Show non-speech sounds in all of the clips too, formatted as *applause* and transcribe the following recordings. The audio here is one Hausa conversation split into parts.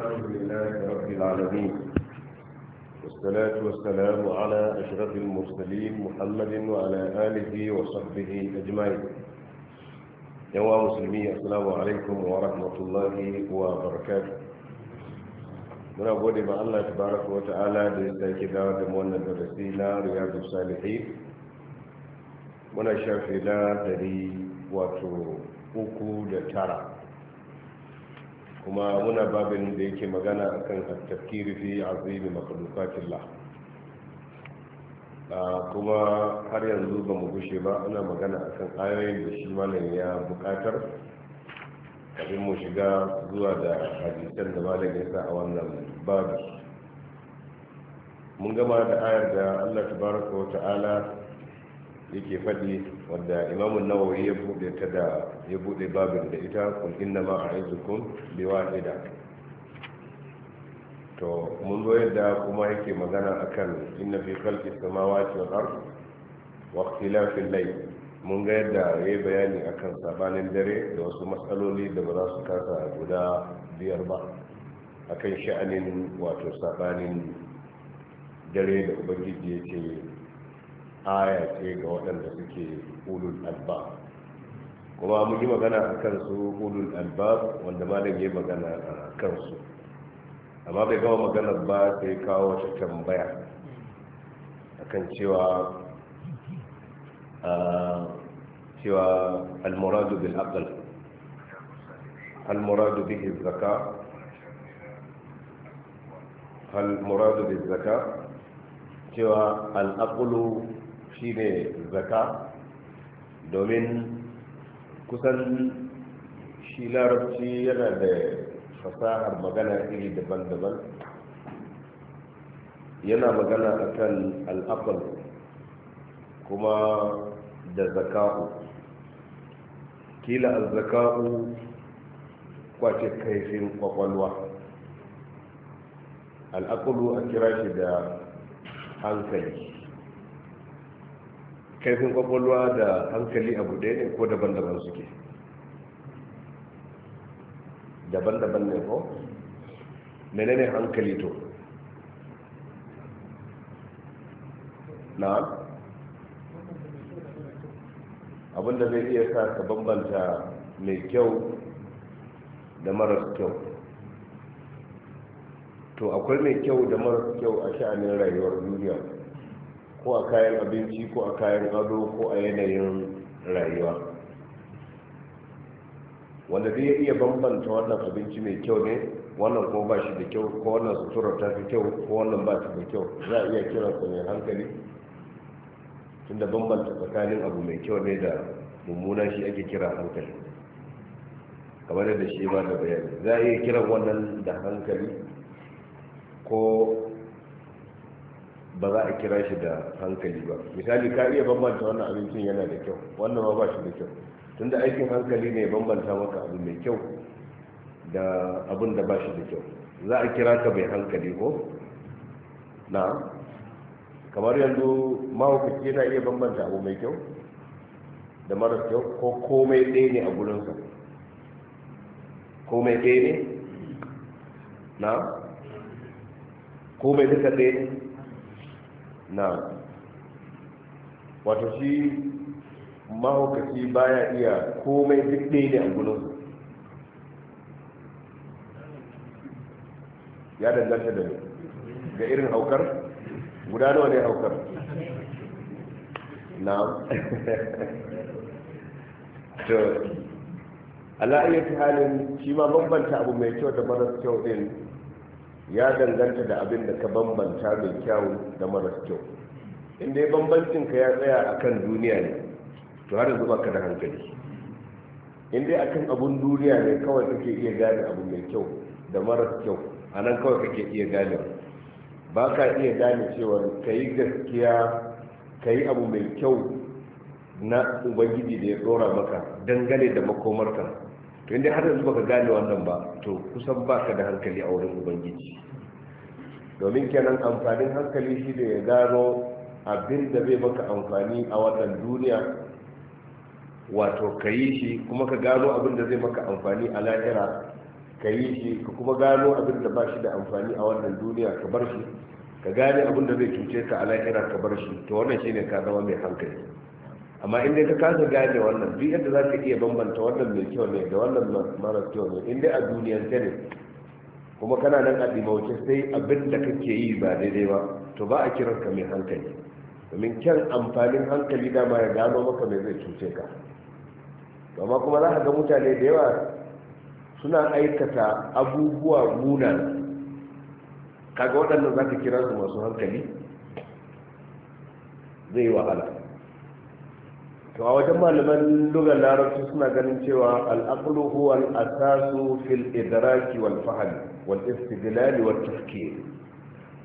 الحمد لله رب العالمين والصلاة والسلام على أشرف المرسلين محمد وعلى آله وصحبه أجمعين يا مسلمين السلام عليكم ورحمة الله وبركاته muna gode ma Allah tabaraka wa ta'ala da ya sake dawo da wannan darasi na riyadu salihin muna shafe na dari wato uku da tara kuma muna babin da yake magana akan tafkiri fi azimi makhluqatillah ah, kuma har yanzu ba mu gushe ba ana magana akan ayoyin da shi malam ya bukatar kafin mu shiga zuwa da hadisan da malam ya sa a wannan babu mun gama da ayar da Allah tabaraka wa ta'ala yake faɗi wadda imamun nawawi ya bude ta da ya bude babin da ita kun inna ma a'izukum bi wahida to mun zo yadda kuma yake magana akan inna fi khalqis samawati wal ard wa ikhtilafil layl mun ga yadda yayi bayani akan sabanin dare da wasu matsaloli da ba za su kasa guda biyar ba akan sha'anin wato sabanin dare da ubangiji ya ce aya ce ga waɗanda suke ulul albab kuma mun yi magana a kansu ulul albab wanda malam ya magana a kansu amma bai gawa magana ba sai kawo wata tambaya akan cewa cewa almuradu bil aql almuradu bihi zaka almuradu bil zaka cewa al aqlu shi ne zaka domin kusan shi larabci yana da fasahar magana iri daban-daban yana magana akan al'afal kuma da zaka'u kila al-zaka'u kwace kaifin kwakwalwa al'akulu a kira shi da hankali kaifin kwakwalwa da hankali abu ɗaya ne ko daban-daban suke daban-daban ne ko menene hankali to na abinda zai iya sa ka bambanta mai kyau da maras kyau to akwai mai kyau da maras kyau a sha'anin rayuwar duniya ko a kayan abinci ko a kayan ado ko a yanayin rayuwa wanda zai iya bambanta wannan abinci mai kyau ne wannan ko ba shi da kyau ko wannan sutura ta fi kyau ko wannan ba shi da kyau za a iya kiran su mai hankali tunda bambanta tsakanin abu mai kyau ne da mummuna shi ake kira hankali kamar yadda shi ba da bayani za a iya kiran wannan da hankali ko ba za a kira shi da hankali ba misali ka iya bambanta wannan abincin yana da kyau wannan ba shi da kyau tunda aikin hankali ne bambanta maka abu mai kyau da abin da ba shi da kyau za a kira ka mai hankali ko na kamar yanzu mahaukaci yana iya bambanta abu mai kyau da maras kyau ko komai ɗaya ne a gurinsa komai ɗaya ne na komai duka ɗaya ne na wato shi mahaukaci baya iya komai duk ɗaya ne a gudun ya danganta da ga irin haukar guda nawa ne haukar na *laughs* to ala'ayyar halin shi ma bambanta abu mai kyau da maras kyau din ya danganta da abin da ka bambanta mai kyau da maras kyau inda ya bambancin ka ya tsaya a kan duniya ne to har yanzu ka da hankali inda a kan abun duniya ne kawai kake iya gane abu mai kyau da maras kyau a nan kawai kake iya gane ba ka iya gane cewa ka yi gaskiya ka yi abu mai kyau na ubangiji da ya tsora maka dangane da makomarka to inda har yanzu baka gane wannan ba to kusan baka da hankali a wurin ubangiji domin kenan amfanin hankali shi da ya gano abin da zai maka amfani a wannan duniya wato ka yi shi kuma ka gano abin da zai maka amfani a lahira ka yi shi ka kuma gano abin da ba shi da amfani a wannan duniya ka bar shi ka gane abin da zai cuce ka a lahira ka bar shi to wannan shine ka zama mai hankali amma in dai ka kasa gane wannan duk yadda za ka iya bambanta wannan mai kyau ne da wannan mara kyau ne inda a a ta ne kuma kana nan a dimauke sai abin da kake yi ba daidai ba to ba a kiran ka mai hankali domin kyan amfanin hankali dama ya gano maka mai zai cuce ka amma kuma za ka ga mutane da yawa suna aikata abubuwa munan kaga waɗannan za ka kira su masu hankali zai yi wahala to a wajen malaman dogon larabci suna ganin cewa al'aqlu huwa al-asasu fil idraki wal fahmi wal istidlal wa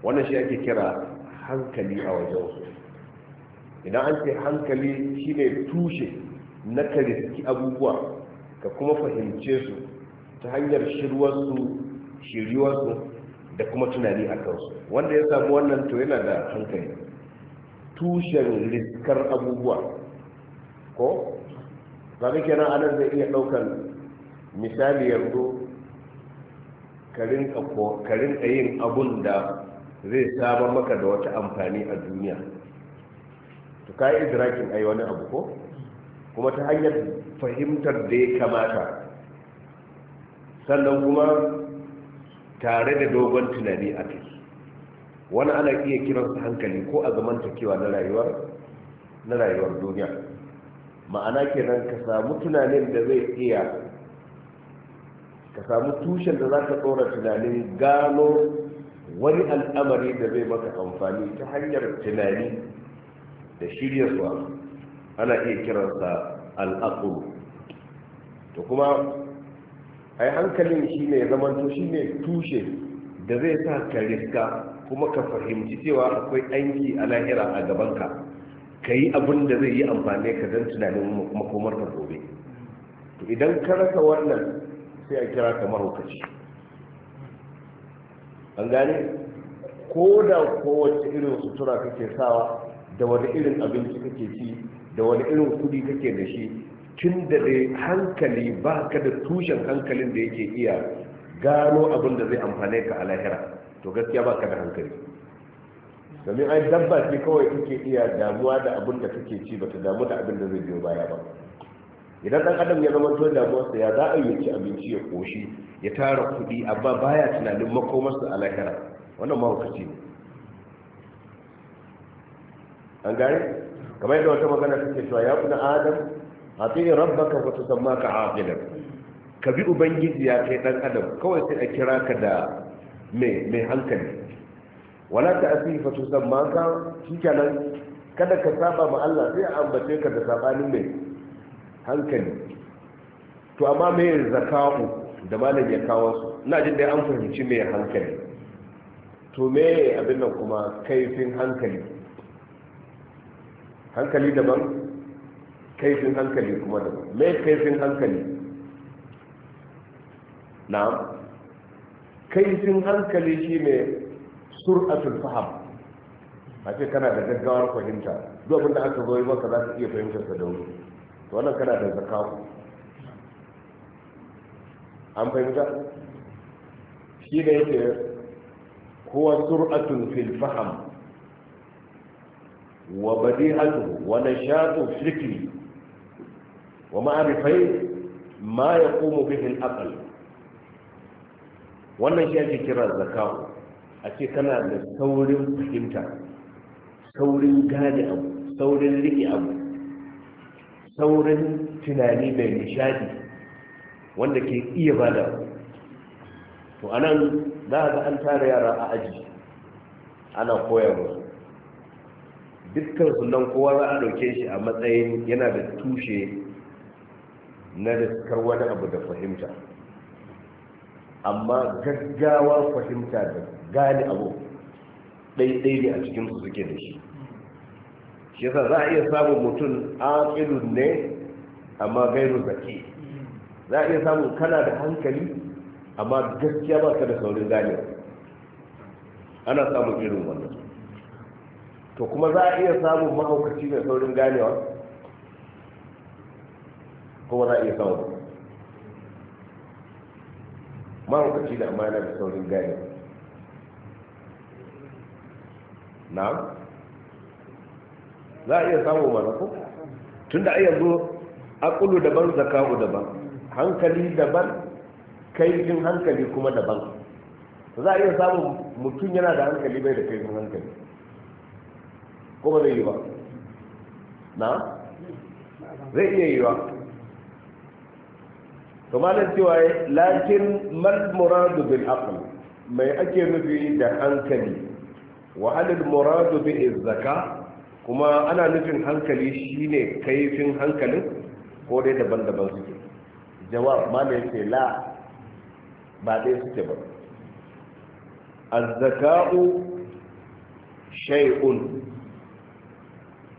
wannan shi ake kira hankali a wajen su idan an ce hankali shine tushe na kariski abubuwa ka kuma fahimce su ta hanyar shirwarsu shiriwarsu da kuma tunani a kansu wanda ya samu wannan to yana da hankali tushen riskar abubuwa ko zama kenan anan zai iya ɗaukar misali yanzu ka yin abun da zai samar maka da wata amfani a duniya to ka yi idrakin ai wani abu ko kuma ta hanyar fahimtar da ya kamata sannan kuma tare da dogon tunani a kai wani ana iya kiransa hankali ko a zamantakewa na rayuwar na rayuwar duniya ma'ana kenan ka samu tunanin da zai iya ka samu tushen da za ka tsora tunanin gano wani al'amari da zai maka amfani ta hanyar tunani da shiryarwa ana iya kiransa al'akulu to kuma ai hankalin shi ne zamanto shi ne tushe da zai sa ka riska kuma ka fahimci cewa akwai aiki a lahira a gabanka ka yi abin da zai yi amfani ka don tunanin makomarka gobe idan ka rasa wannan sai a kira ka mahaukaci an gane ko da kowace irin sutura kake sawa da wani irin abinci kake ci da wani irin kudi kake da shi tun da dai hankali ba ka da tushen hankalin da yake iya gano abin da zai amfane ka a lahira to gaskiya ba ka da hankali domin ai dabba ce kawai kake iya damuwa da abin da kake ci ba ta damu da abin da zai biyo baya ba idan dan adam ya zama to damuwarsa ya za a yi ci abinci ya koshi ya tara kuɗi amma baya tunanin makomarsa a lahira wannan mahaukaci ne an gare, kamar yadda wata magana suke cewa ya kuna adam a tsaye rabbaka wata samma ka aqilan ka bi ubangiji ya kai dan adam kawai sai a kira ka da mai hankali wala ta asiri fa tusamma ka shikenan kada ka saba ma Allah sai a ambace ka da sabanin mai hankali to amma mai zaka'u da malam ya kawo su na jin dai an fahimci mai hankali to me abin nan kuma kaifin hankali hankali daban kaifin hankali kuma daban me kaifin hankali na kaifin hankali shine sur'atul faham a ce kana da gaggawar fahimta duk abin da aka zo yi maka za ka iya fahimtar sa da wuri to wannan kana da zakaku an fahimta shi da yake huwa sur'atun fil faham wa badi'atu wa nashatu fikri wa ma'arifai ma yaqumu bihi al-aql wannan shi ake kira zakaku a ce kana da saurin fahimta saurin gane abu saurin riƙe abu saurin tunani mai nishadi wanda ke iya bada to nan za a ga an tara yara a aji ana koya musu dukkan sunan kowa za a ɗauke shi a matsayin yana da tushe na daskar wani abu da fahimta amma gaggawa fahimta da gani abu ɗaiɗai ne a cikinsu suke da shi shi yasa za a iya samun mutum aqilun ne amma gairu zaki za a iya samun kana da hankali amma gaskiya ba ka da saurin ganewa ana samun irin wannan to kuma za a iya samun mahaukaci mai saurin ganewa kuma za a iya samun mahaukaci da yana da saurin ganewa na za a iya samu mana ko tun da a kulu daban zakawu daban hankali daban kaifin hankali kuma daban za a iya samun mutum yana da hankali bai da kaifin hankali ko ba zai yi ba na zai iya yi ba to malam cewa lakin marmuradu bin akwai mai ake nufi da hankali wa halin muradu bin zakka kuma ana nufin hankali shine kaifin hankalin ko dai daban-daban suke jawab ma da yake la ba dai suke ba azzaka'u shay'un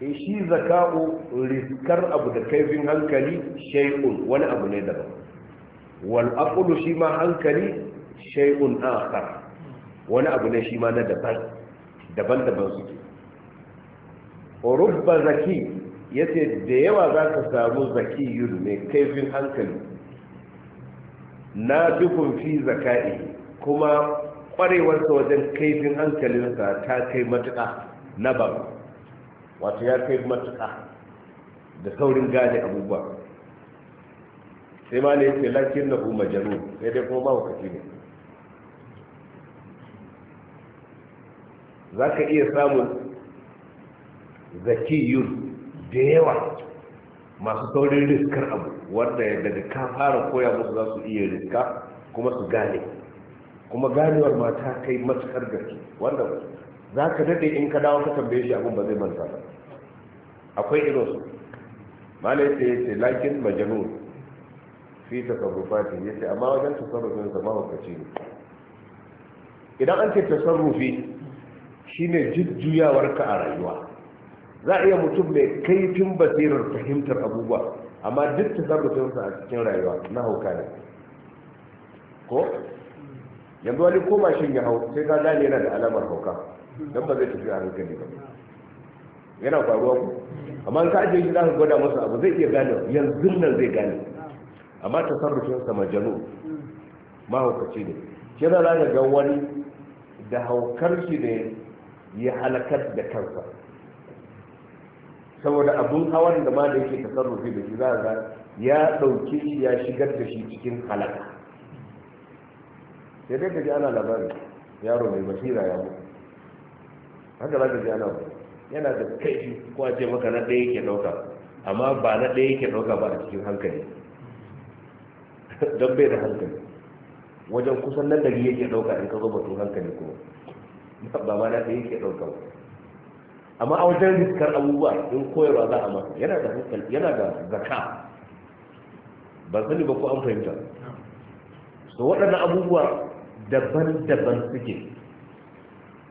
in eh, shi zaka'u riskar abu da kaifin hankali shay'un wani abu ne daban wal aqlu shi ma hankali shay'un akhar wani abu ne shi ma na daban daban-daban suke rubba zaki yace da yawa za ka samu zaki yun mai kaifin hankali na dukun fi zaka'i kuma kwarewarsa wajen kaifin hankalinsa ta kai matuƙa na ba wato ya kai matuƙa da saurin gane abubuwa sai ma ne yake lakin na kuma jaru sai dai kuma mawakaci ne za ka iya samun zakiyun da yawa masu saurin riskar abu wanda daga ka fara koya musu za su iya riska kuma su gane kuma ganewar mata kai matukar gaske wanda za ka daɗe in ka dawo ka tambaye shi abin ba zai manta ba akwai irin su malai sai yace lakin majanu fi tasarrufati yace amma wajen sarrufin sa mahaukaci ne idan an ce Shi shine jujjuyawar ka a rayuwa za a iya mutum mai kaifin basirar fahimtar abubuwa amma duk ta tasarrufinsa a cikin rayuwa na hauka ne ko yanzu wani ko mashin ya hau sai ka gane yana da alamar hauka don ba zai tafi a hankali ba yana faruwa ku amma in ka ajiye shi za ka gwada masa abu zai iya gane yanzu nan zai gane amma ta tasarrufinsa majanu mahaukaci ne shi za ga wani da haukar shi ne ya halakar da kansa saboda abun hawan da ma da yake tasarrufi da shi za a ya ɗauki shi ya shigar da shi cikin halaka sai dai ka ana labari yaro mai basira ya mutu haka za ka ji ana yana da kai ko a ce maka na ɗaya yake ɗauka amma ba na ɗaya yake ɗauka ba a cikin hankali don bai da hankali wajen kusan nan da yake ɗauka in ka zo batun hankali kuma ba ma na ɗaya yake ɗauka ba amma a wajen riskar abubuwa in koyarwa za a masa yana da hankali yana da zaka ban sani ba ko an fahimta so waɗannan abubuwa daban-daban suke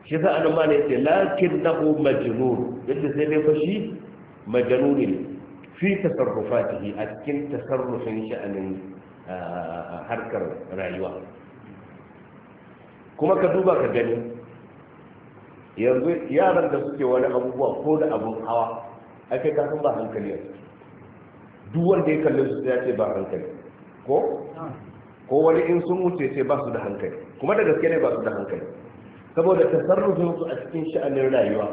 shi za a nan mana yace lakin nahu majnun yadda sai dai fashi majanuri ne fi tasarrufatihi a cikin tasarrufin sha'anin ah, harkar rayuwa kuma ka duba ka gani yanzu yaran da suke wani abubuwa ko da abun hawa ake kasan ba hankali yanzu duk wanda ya kalli su ya ce ba hankali ko ko wani in sun wuce ce ba su da hankali kuma da gaske ne ba su da hankali saboda tasarrufin su a cikin sha'anin rayuwa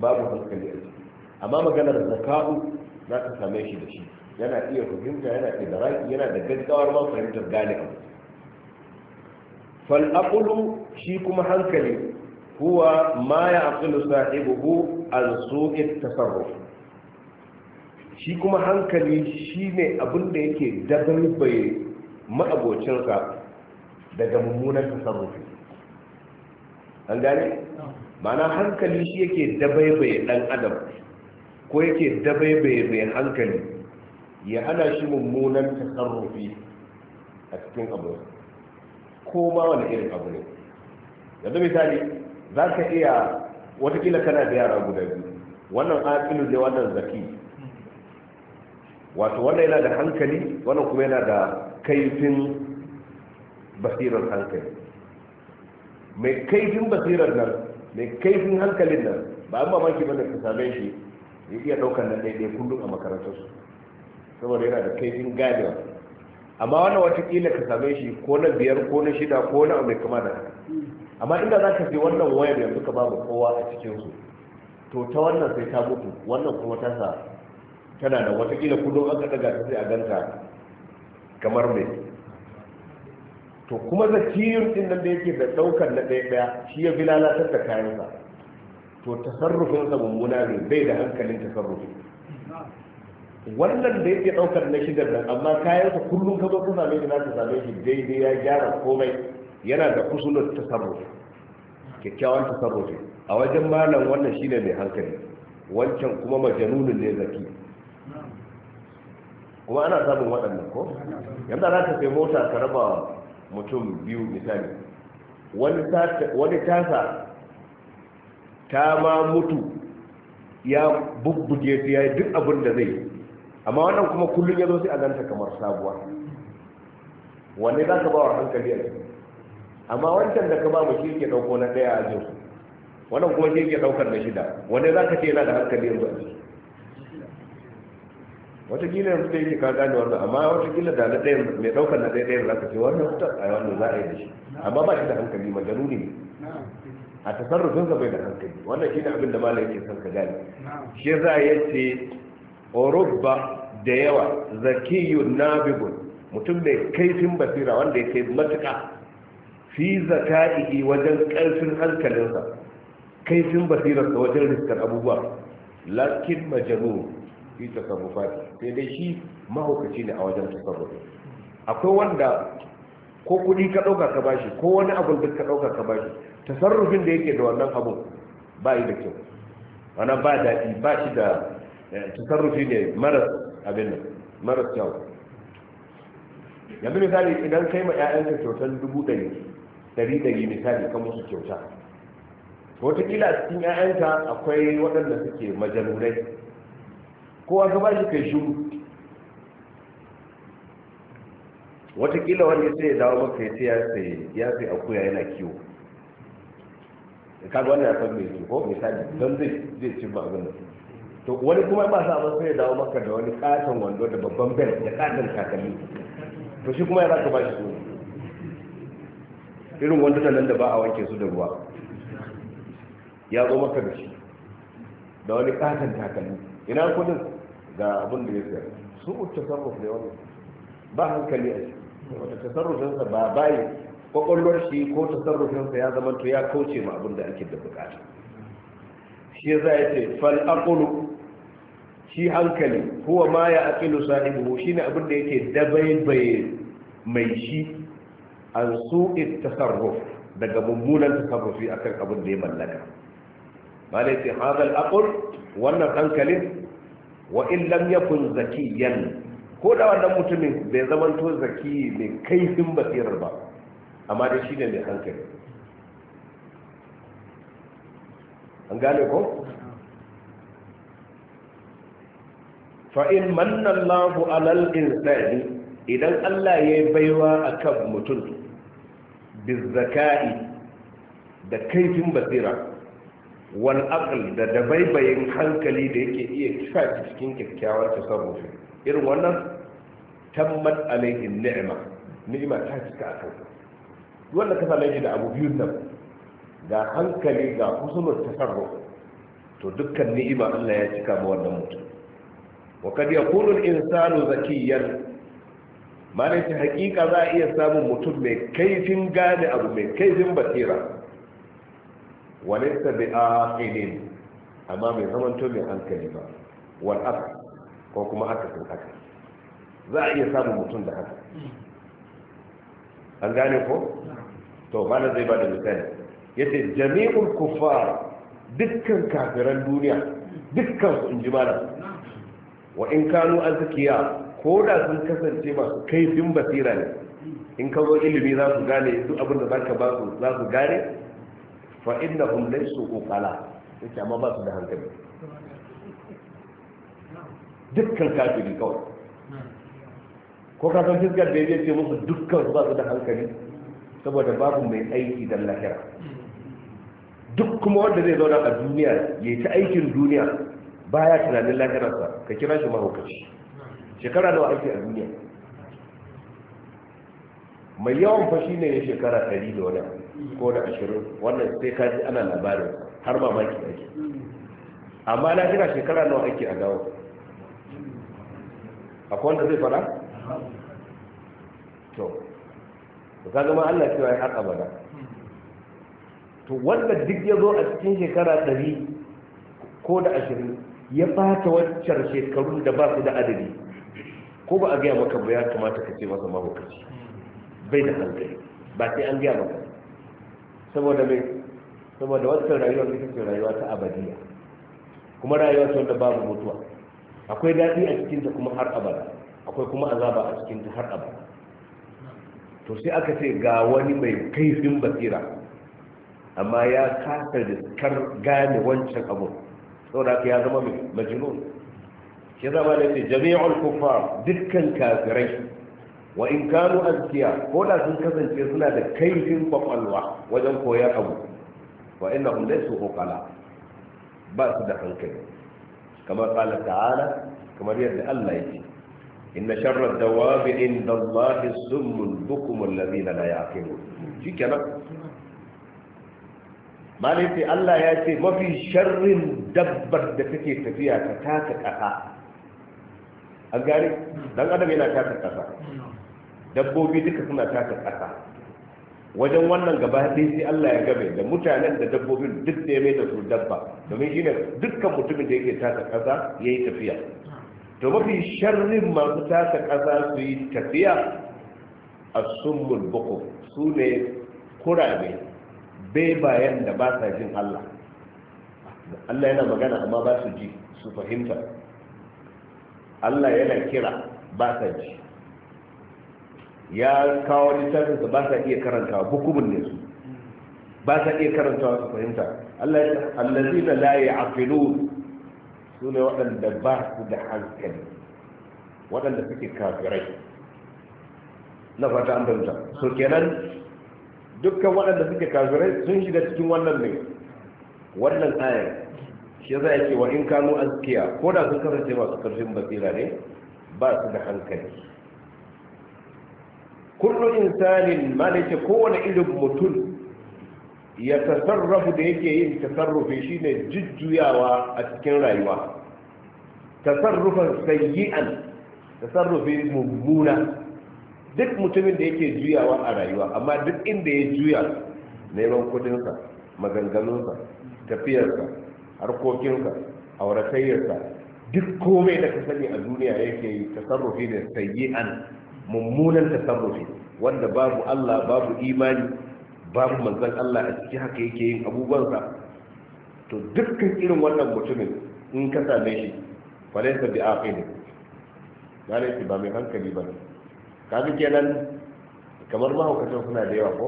babu hankali a ciki amma maganar zaka'u za ta same shi da shi yana iya fahimta yana iya da raki yana da gaggawar ma fahimtar gane abu fal'aqulu shi kuma hankali هو ما يعقل صاحبه sahibuhu an su'it shi kuma hankali shine abin da yake dabalbaye ma'abocinsa daga mummunan tasarrufi an gane ma'ana hankali shi yake dabarbaye dan adam ko yake dabarbaye mai hankali ya hana shi mummunan tasarrufi a cikin abu ko ma wani irin abu ne yanzu misali za ka iya watakila kana da yara guda biyu wannan aƙilu da wannan zaki wato wannan yana da hankali wannan kuma yana da kaifin basirar hankali mai kaifin basirar nan mai kaifin hankalin nan ba an mamaki ba da ka same shi ya iya ɗaukar nan daidai kullum a makarantar su. saboda yana da kaifin ganewa amma wannan watakila ka same shi ko na biyar ko na shida ko na mai kama da amma inda za ka je wannan wayar yanzu ka babu kowa a cikinsu to ta wannan sai ta mutu wannan kuma ta sa tana da watakila kudin aka daga ta sai a ganta kamar mai to kuma zakiyun din nan da yake da daukar na ɗaya ɗaya shi ya fi lalatar da kayansa to tasarrufinsa mummuna ne bai da hankalin tasarrufi wannan da yake daukar na shigar nan amma kayansa kullum ka zo ka same shi na ta same shi daidai ya gyara komai yana da kusurin tasarrufi kyakkyawan tasarrufi a wajen malam wannan shine mai hankali wancan kuma majanunin ne zaki kuma ana samun waɗannan ko yadda za ta fi mota ka raba mutum biyu misali wani tasa ta ma mutu ya bugbuge ya yi duk abin da zai amma wannan kuma kullum ya zo sai a ganta kamar sabuwa wanne za ka ba wa hankali a cikin amma wancan da ka ba mu shi ke dauko na daya a jin wannan kuma shi ke daukar na shida wanda za ka ce yana da hankali yanzu a jiki watakila yanzu ta ke ka gane wannan amma watakila da na daya mai daukar na ɗaya za ka ce wannan ta a wannan za a yi da shi amma ba shi da hankali majaluni ne a tasarrufin sa bai da hankali wannan shi ne abin da malam yake son ka gane shi za a ce orubba da yawa zakiyun nabibun mutum mai kaifin basira wanda ya kai matuka fi zaka'ihi wajen ƙarfin hankalinsa kaifin basirarsa wajen riskar abubuwa lakin majanu fi tasarrufati sai dai shi mahaukaci ne a wajen tasarrufi akwai wanda ko kuɗi ka ɗauka ka bashi ko wani abun duk ka ɗauka ka bashi tasarrufin da yake da wannan abun ba yi da kyau ana ba daɗi ba shi da eh, tasarrufi ne maras abin nan maras kyau yanzu misali idan kai ma 'ya'yanka kyautar dubu ɗari ɗari dari misali kan musu kyauta wataƙila a cikin 'ya'yanta akwai waɗanda suke majalurai ko a ba shi kai shuru watakila wani sai ya dawo maka ya ce ya sai akuya yana kiwo kaga wannan ya san mai ko misali don zai zai cin abin to wani kuma ba sa abin sai ya dawo maka da wani katon wando da babban bel da katon kakanni to shi kuma ya za ka ba shi irin wanda nan da ba a wanke su da ruwa ya zo maka da shi da wani katon takalmi ina kudin ga abin da ya sayar su uku sarrafa ne wani ba hankali a shi wata tasarrufinsa ba bayi kwakwalwar shi ko tasarrufinsa ya zama to ya kauce ma abin da ake da bukata shi za ya ce fal akulu shi hankali huwa ma ya sa'ibu shi ne abin da yake dabaibaye mai shi an su'id tasarruf daga mummunan tasarrufi akan abin da ya mallaka Ba malai ce hadal aqul wannan hankalin wa in lam yakun zakiyan ko da wannan mutumin bai zamanto zaki mai kaifin basirar ba amma dai shine mai hankali an gane ko in manna Allahu alal insani idan Allah ya yi baiwa a kan mutum bizzaka'i da kaifin basira wal aql da dabaibayin hankali da yake iya kisa cikin kyakkyawar tasarrufi irin wannan tammat alaihi ni'ma ni'ma ta cika a kanka wanda ka same shi da abu biyun nan ga hankali ga husnul tasarruf to dukkan ni'ima Allah ya cika ma wannan mutum wa kad yakunu al-insanu zakiyan mana ce hakika za a iya samun mutum mai kaifin gane abu mai kaifin basira walaisa bi ainihin amma mai zamanto mai hankali ba wal aka ko kuma haka sun haka za a iya samun mutum da haka an gane ko to mana zai ba da misali yace jami'ul kuffar dukkan kafiran duniya dukkan su ji mana wa in kanu azkiya ko da sun kasance masu kaifin basira ne in ka zo ilimi za su gane duk abin da ka ba su za su gane fa su kokala uqala yake amma ba su da hankali dukkan kafiri kawai ko ka san fiskar da ya ce musu dukkan ba su da hankali saboda babu mai aiki don lahira duk kuma wanda zai zauna a duniya ya ta aikin duniya baya tunanin lahirarsa ka kira shi mahaukaci shekara nawa ake a duniya mai yawan fashi ne ya shekara ɗari da wani ko da ashirin wannan sai ka ji ana labarin har maki ake amma na gina shekara nawa ake a gawa a kwanta zai fara? to ka zama allah cewa ya har abada to wanda duk ya zo a cikin shekara ɗari ko da ashirin ya fata wancan shekarun da ba su da adadi ko ba a gaya maka ba ya kamata ka ce masa mahaukaci bai da hankali ba sai an gaya maka saboda mai saboda wancan rayuwar ita kake rayuwa ta abadiya kuma rayuwa ce wanda babu mutuwa akwai daɗi a cikinta kuma har abada akwai kuma azaba a cikinta har abada to sai aka ce ga wani mai kaifin basira amma ya kasa da kar gane wancan abu saboda ya zama mai majnun shi zama da ce jami'ul kuffar dukkan kafirai wa in kanu azkiya ko da sun kasance suna da kaifin kwakwalwa wajen koyar abu wa inna hum laysu uqala ba su da hankali kamar qala ta'ala kamar yadda Allah yake inna sharra dawabi inda Allah summul bukum alladhina la yaqilun shikenan malai sai Allah ya ce mafi sharrin dabbar da take tafiya ta taka kasa an gane dan adam yana taka kasa dabbobi duka suna taka kasa wajen wannan gaba ɗaya sai Allah ya gabe, da mutanen da dabbobin duk da ya mai da su dabba domin shi ne dukkan mutumin da yake ƙasa kasa yayi tafiya to mafi sharrin masu tasa ƙasa su yi tafiya a sumbul buku su ne kurame bayan da ba sa jin Allah Allah yana magana amma ba su ji su fahimta Allah yana kira ba sa ji ya kawo littafin su ba sa iya karanta hukumin ne su ba sa iya karantawa su fahimta Allah allazina la ya'qilun su ne waɗanda ba su da hankali waɗanda suke kafirai na fata an fahimta so kenan dukkan waɗanda suke kafirai sun shiga cikin wannan ne wannan ayar shi a ce wa in kanu azkiya ko da sun kasance masu karfin basira ne ba su da hankali kullu insanin ma da ce kowane irin mutum ya tasarrafu da yake yin tasarrufi shine jujjuyawa a cikin rayuwa tasarrufan sayyi'an tasarrufi mummuna duk mutumin da yake juyawa a rayuwa amma duk inda ya juya neman kudinsa maganganunsa tafiyarsa harkokinsa auratayyarsa duk komai da ka sani a duniya yake yi tasarrufi ne sayyi'an mummunan tasarrufi wanda babu Allah babu imani babu manzon Allah a ciki haka yake yin abubuwansa to dukkan irin wannan mutumin in ka same shi falaysa bi aqil gane shi ba mai hankali ba ne kaga kenan kamar ma mahaukatan suna da yawa ko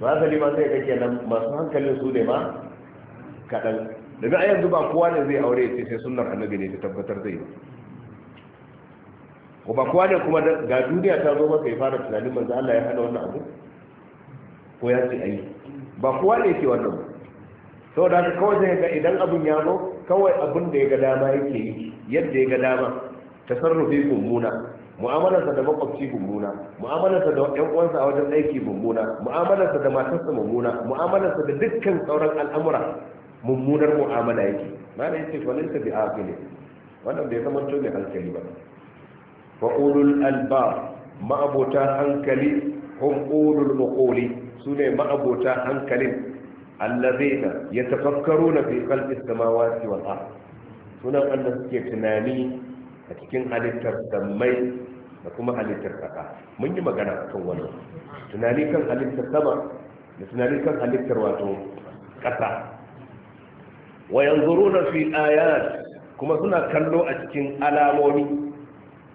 ba hasali ma sai ga kenan masu hankalin su ne ma kaɗan daga a yanzu ba kowa ne zai aure ce sai sunnar annabi ne ta tabbatar zai yi ko ba kowa ne kuma ga duniya ta zo maka ya fara tunanin manzo Allah ya hana wannan abu ko ya ce ayi ba kowa ne ke wannan saboda haka kawai zai ga idan abin ya zo kawai abun da ya ga dama yake yi yadda ya ga dama tasarrufi mummuna mu'amalarsa da makwabci mummuna mu'amalarsa da ƴan uwansa a wajen aiki mummuna mu'amalarsa da matarsa mummuna mu'amalarsa da dukkan sauran al'amura mummunar mu'amala yake mana yace falinsa bi aqili wannan bai zama to hankali ba fa ulul albab ma'abota hankali hum ulul Su ne ma'abota hankalin allazina yatafakkaruna fi khalqis samawati wal ard sunan Allah suke tunani a cikin halittar sammai da kuma halittar kasa mun yi magana kan wannan tunani kan halittar sama da tunani kan halittar wato kasa wa yanzuruna fi ayat kuma suna kallo a cikin alamomi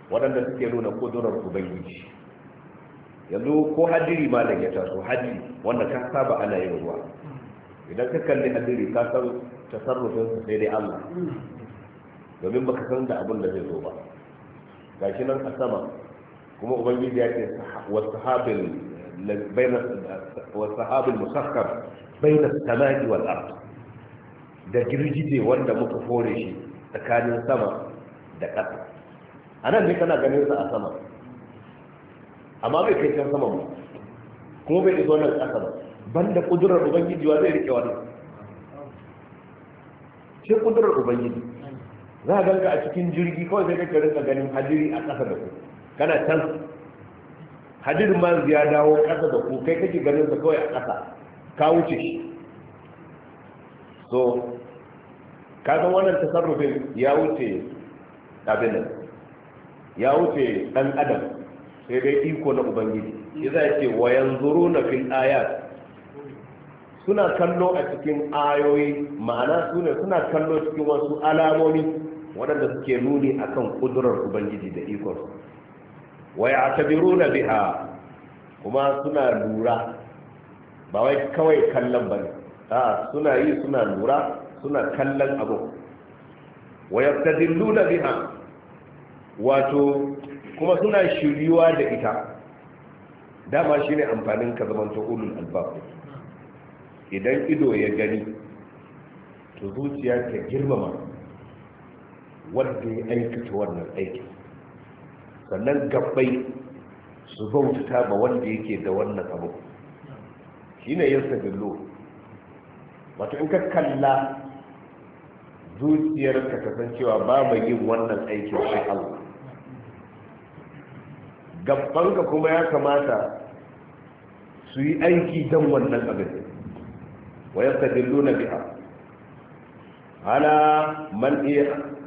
waɗanda suke nuna kudurar ubangiji yanzu ko hadiri ma da ya taso hadiri wanda ka saba ana yin ruwa idan ka kalli hadiri ka san tasarrufin sai dai Allah domin baka san da abin da zai zo ba gashi nan a sama kuma ubangiji ya ce wasahabil baina wasahabil musakkar baina samai wal da girgije wanda muka fore shi tsakanin sama da ƙasa a nan ne kana ganin sa a sama amma bai kai can sama ba kuma bai iso nan ƙasa ba banda kudurar ubangiji wa zai rike wani sai kudurar ubangiji za a ganka a cikin jirgi kawai sai kake rinka ganin hadiri a ƙasa da ku kana can hadirin ma ya dawo ƙasa da ku kai kake ganin sa kawai a ƙasa ka wuce shi so kasan wannan tasarrufin ya wuce abin ya wuce dan adam sai dai iko na ubangiji yasa yake wa na fil ayat suna kallo a cikin ayoyi ma'ana sune suna kallo cikin wasu alamomi waɗanda suke nuni akan kudurar ubangiji da ikon wa na biha kuma suna lura ba wai kawai kallon ba ne. A'a, suna yi suna lura suna kallon abu wa yastadilluna biha wato kuma suna shiriwa da ita dama shine amfanin ka zaman ta ulul idan ido ya gani to zuciya ta girmama wanda ya aikata wannan aiki. sannan gabbai su bauta ba wanda yake da wannan abu shine lo wato in ka kalla zuciyarka ka san cewa ba mai yin wannan aikin sai Allah gabbanka kuma ya kamata su yi aiki don wannan abin wa dilluna biha ala man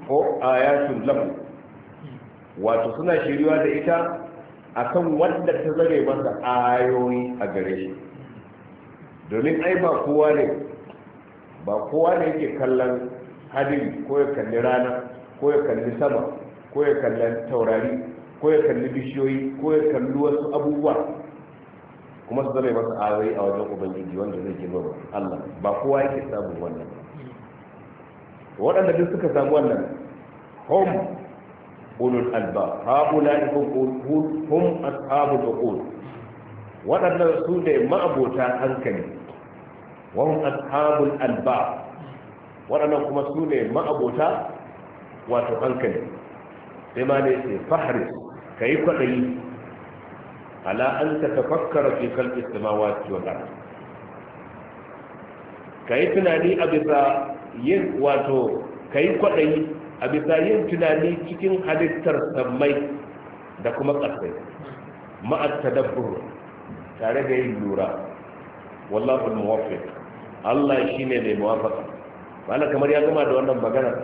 ko ayatul lahu wato suna shiriwa da ita akan wanda ta zare masa ayoyi a gare shi domin ai ba kowa ne ba kowa ne yake kallon hadin ko ya kalli rana ko ya kalli sama ko ya kalli taurari ko ya kalli bishiyoyi ko ya kalli wasu abubuwa kuma su zama masa ayoyi a wajen ubangiji wanda zai ke ba Allah ba kowa yake samun wannan waɗanda duk suka samu wannan hum ulul alba haula hum ashabul uqul waɗannan su ne ma'abota hankali wa hum ashabul alba waɗannan kuma su ne ma'abota wato hankali sai ma ne sai fahari ka yi kwaɗayi ala an ta tafakkara fi kalbi samawa ciwon ɗan ka yi tunani a bisa yin wato ka yi kwaɗayi a bisa yin tunani cikin halittar sammai da kuma ƙasai ma'ar tadabbur tare da yin lura wallahul muwaffiq Allah shi ne mai muwafaka wanda kamar ya zama da wannan magana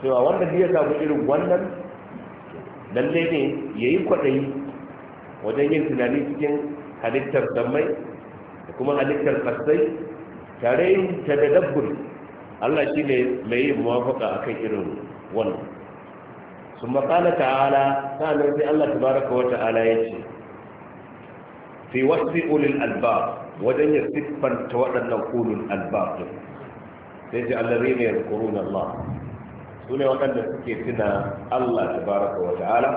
cewa wanda ya samu irin wannan lalle ne ya yi kwaɗayi wajen yin tunani cikin halittar sammai da kuma halittar kasai tare yin ta da dabbur Allah shi ne mai yin muwafaka a kan irin wannan sun maƙala ta'ala sa'anar sai Allah ta baraka wa ta'ala ya ce fi wasu ulil albab wajen ya siffanta waɗannan ulul albab din sai ji allari ne yankurun Allah su ne waɗanda suke tuna Allah ta baraka wa ta'ala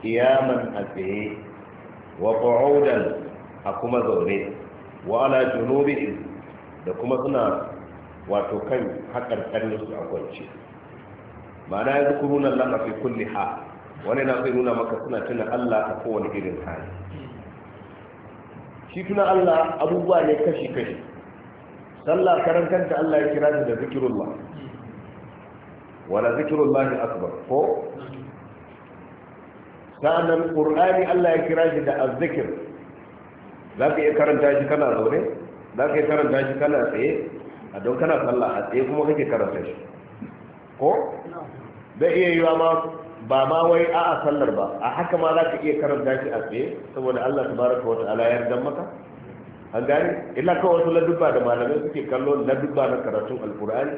kiyaman a tsaye wa ƙa'udan a kuma zaune wa ala junubi da kuma suna wato kan haƙar ƙarninsu a kwance ma'ana ya zukurun Allah a fi kulli ha wani na sai nuna maka suna tuna Allah a kowane irin hali shi tuna Allah abubuwa ne kashi kashi sallah karan Allah ya kira da zikirullah wala zikirullah akbar ko sanan qur'ani Allah ya kira shi da azzikir zaka iya karanta shi kana zaune zaka iya karanta shi kana tsaye a don kana sallah a tsaye kuma kake karanta shi ko da iya yiwa ma ba ma wai a'a sallar ba a haka ma za ka iya karanta shi a tsaye saboda Allah tabaraka wa ta'ala ya yarda maka an gani illa kawai wasu ladubba da malamai suke kallo ladubba na karatun alkur'ani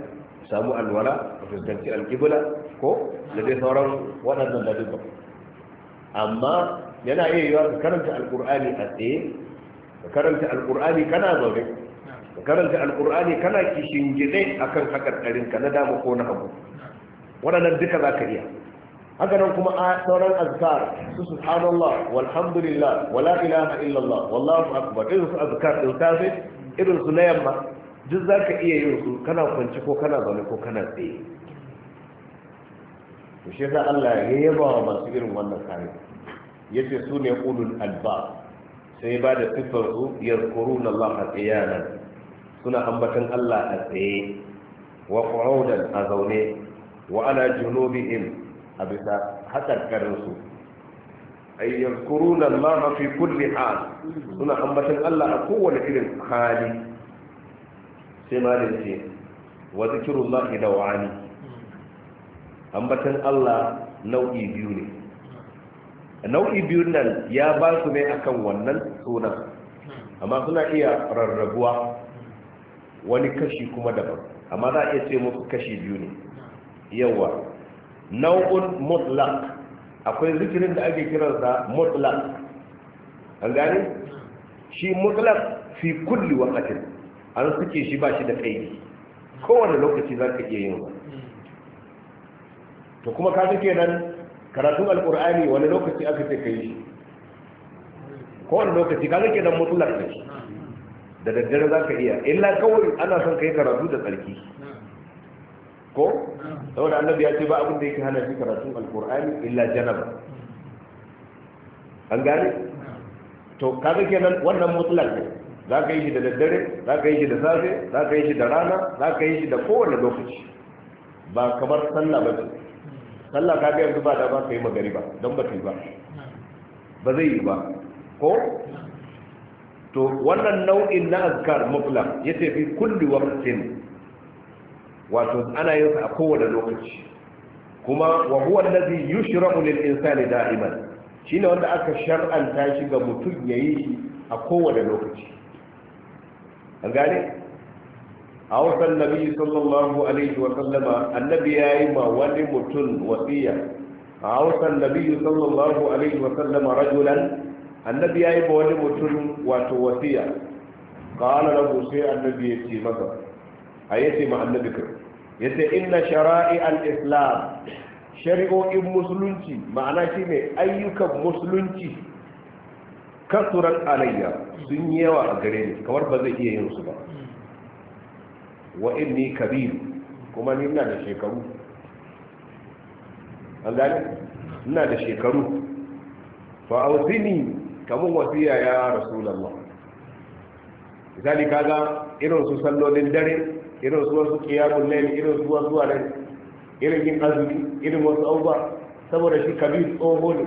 samu alwala a fuskanci alkibula ko da dai sauran waɗannan ladubba amma yana iya yiwa ka karanta alkur'ani a tsaye ka karanta alkur'ani kana zaune ka karanta alkur'ani kana kishin gide akan hakarkarinka na dama ko na hagu waɗannan duka za ka iya haka nan kuma a sauran azkar su subhanallah walhamdulillah wala ilaha illallah wallahu akbar irin su azkar din safe irin su na yamma duk za ka iya yin su kana kwanci ko kana zaune ko kana tsaye to shi yasa Allah ya yaba wa masu irin wannan kare yace su ne ulul alba sai ba da sifar su yazkuruna Allah qiyaman suna ambatan Allah a tsaye wa qu'udan a zaune wa ala junubihim a bisa haƙarƙarinsu ayyar kurunan ma mafi kulle hal suna ambatan Allah a kowane irin hali sai ma da ce ma da wani. ambatan Allah nau'i biyu ne nau'i biyun nan ya ba su ne akan wannan sunan amma suna iya rarrabuwa wani kashi kuma daban amma za a iya ce musu kashi biyu ne yawa nau'un mutlaq akwai zikirin da ake kiransa mutlaq an gani shi mutlaq fi kulli waqtin an suke shi ba shi da kai kowane lokaci za ka iya yin ba to kuma ka ke nan karatun alqur'ani wani lokaci aka ce ka yi shi kowane lokaci ka ke nan mutlaq da daddare za ka iya illa kawai ana son ka yi karatu da tsarki ko saboda annabi ya ce ba abin da yake hana shi karatun alkur'ani illa janaba an gane to kaga kenan wannan mutlak ne za ka yi shi da daddare za ka yi shi da safe za ka yi shi da rana za ka yi shi da kowane lokaci ba kamar sallah ba ce sallah ka ga yanzu ba da ba ka yi magari ba don ba ba ba zai yi ba ko to wannan nau'in na azkar mutlak yace fi kulli waqtin wato ana yin sa a kowane lokaci kuma wa huwa allazi yushrabu lil insani da'iman shine wanda aka shar'anta shi ga mutum yayi shi a kowane lokaci an gane a wasan nabi sallallahu alaihi wa sallama annabi yayi ma wani mutum wasiya a wasan nabi sallallahu alaihi wa sallama rajulan annabi yayi ma wani mutum wato wasiya qala lahu sai annabi ya ce masa a yace ma annabi kar yace inna shara'i al-islam shari'o'in musulunci ma'ana shi ne ayyukan musulunci kasuran alayya sun yi yawa a gare ni kamar ba zai iya yin su ba wa inni kabir kuma ni ina da shekaru an gane ina da shekaru fa ausini kamun wasiya ya rasulullah misali ga irin su sallolin dare irin su wasu kiyamun lail irin zuwa zuwa wani irin yin azumi irin wasu abubuwa saboda shi kabi tsoho ne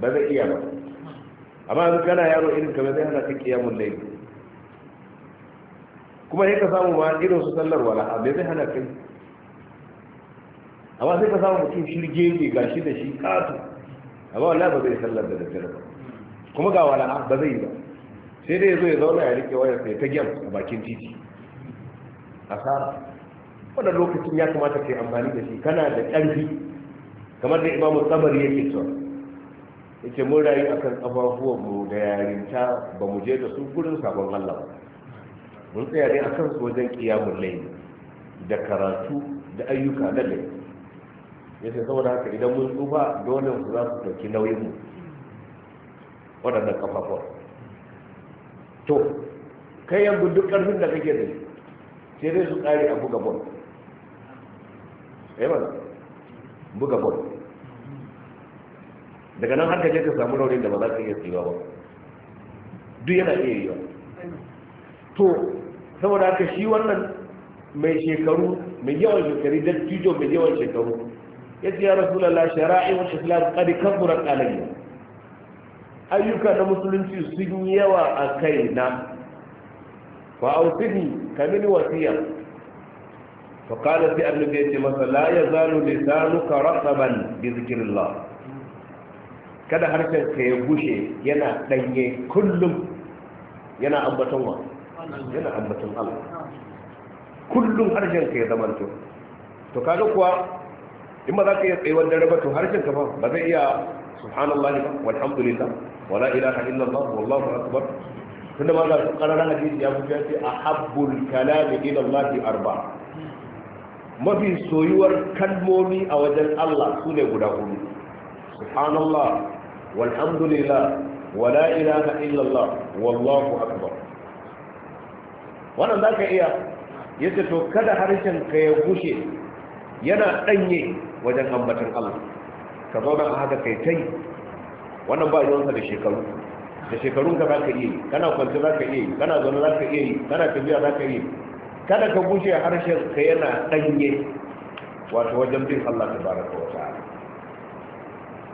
ba zai iya ba amma yanzu kana yaro irin kamar zai hana ka kiyamun lail kuma sai ka samu ma irin su sallar wala abin zai hana kai amma sai ka samu mutum shirge ne ga shi da shi katu amma wala ba zai sallar da daddare ba kuma ga wala ba zai yi ba sai dai zo ya zauna ya rike wayar sai ta gyam a bakin titi asara wannan lokacin ya kamata yi amfani da shi kana da ƙarfi kamar da imamu ya ce cewa yace mun rayu akan kafafuwan mu da yarinta ba mu je da su gurin sabon Allah mun tsaya ne akan su wajen kiyamun laili da karatu da ayyuka na ya yace saboda haka idan mun tsufa dole su za su dauki nauyin mu waɗannan kafafuwan to kai yanzu duk ƙarfin da kake da shi sai dai su kare a buga bol ya eh, buga bol daga nan har ka ka samu raunin da ba za ka iya tsiwa ba duk yana iya yi to saboda haka shi wannan mai shekaru mai yawan shekaru dattijo mai yawan shekaru ya ce ya lalla shara'i wa islam kadi kabura kalayya ayyuka na musulunci sun yawa a kai na fa ausini kamin wasiya To qala sai annabi ya ce masa la yazalu lisanuka raqaban bi zikrillah kada harshen ka ya gushe yana danye kullum yana ambaton wa yana ambaton Allah kullum harshen ka ya zamanto to kaga kuwa in ba za ka iya tsayuwar dare ba to harshen ka ba ba zai iya subhanallah ba walhamdulillah wala ilaha illallah wallahu akbar tunda ba ga ƙararren hadisi ya fito ya ce a habbul kalami ila Allah arba mafi soyuwar kalmomi a wajen Allah su ne guda hudu subhanallah walhamdulillah wala ilaha illallah wallahu akbar wannan zaka iya yace to kada harshen ka ya gushe yana danye wajen ambatan Allah ka zauna a haka kai tai wannan ba yawansa da shekaru da shekarun ka zaka iya yi kana kwance zaka iya yi kana zaune zaka iya yi kana tafiya zaka iya yi kada ka gushe harshen ka yana danye wato wajen bin Allah tabaraka wa ta'ala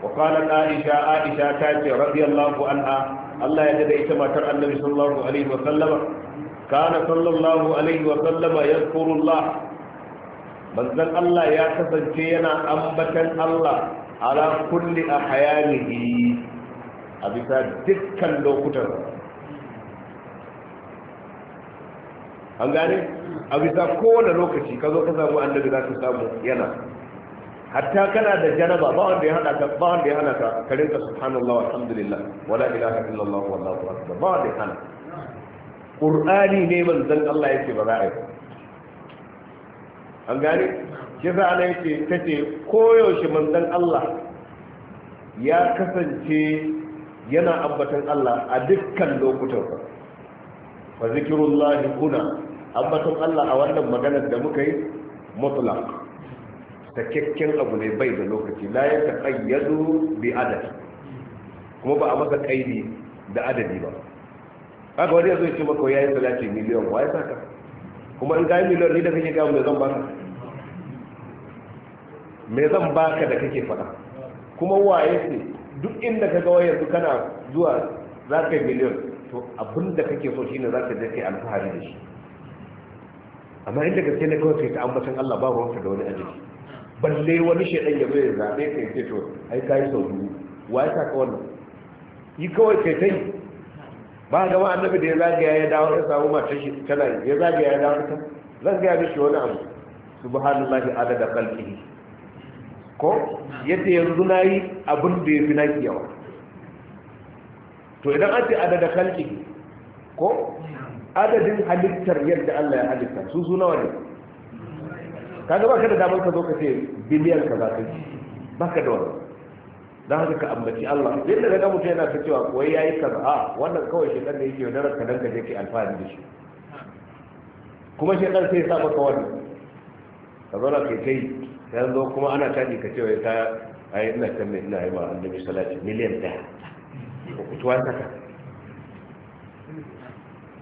wa qalat aisha aisha ta ce radiyallahu anha Allah ya dade ita matar Annabi sallallahu alaihi wa sallama kana sallallahu alaihi wa sallama yadhkurullah manzon Allah ya kasance yana ambatan Allah ala kulli ahyanihi a bisa dukkan lokutan an gane a bisa kowane lokaci ka zo ka samu annabi za ka samu yana hatta kana da janaba ba wanda ya hana ka ba wanda ya hana ka karin ka subhanallah walhamdulillah wala ilaha illallah wallahu akbar ba wanda ya hana qur'ani ne manzon Allah yake ba za a yi an gane shi za ana yake tace koyaushe manzon Allah ya kasance yana ambatan Allah a dukkan lokutan fa zikirullahi kuna ambatan Allah a wannan maganar da muka yi mutlaq kekken abu ne bai da lokaci la ya taqayyadu bi adadi. kuma ba a masa kaidi da adadi ba haka wani yanzu ya ce maka yayin salati miliyan wa ya saka kuma in ga miliyan ni da kake ga mu zan baka me zan baka da kake faɗa kuma waye ce duk inda ka gawa yanzu kana zuwa za ka yi miliyon to abin da kake so shine za ka je alfahari da shi amma inda gaske na kawai kai ta ambatan Allah ba ruwansa da wani ajiki balle wani shaidan ya zo ya zabe kai ce to ai ka yi sau dubu wa ya saka wannan yi kawai kai yi ba ga ma annabi da ya zagaya ya dawo ya samu matar shi tana ya zagaya ya dawo ta zan da shi wani abu subhanallahi adada kalkihi ko yadda yanzu na yi abin da ya fi na yawa to idan an ce adada kalki ko adadin halittar yadda Allah ya halitta su su nawa ne kaga baka da damar ka zo ka ce biliyan ka za ka yi baka da wani. don haka ka ambaci Allah yadda daga mutum yana ta cewa wai ka kaza a wannan kawai shekar da yake yau ka ka danka kai alfahari da shi kuma shekar sai ya sa maka wani ka zo na kai kai ya zo kuma ana taɗi ka cewa ta yi ina kan mai ina yawa annabi salati miliyan ɗaya ko kutuwa ta ka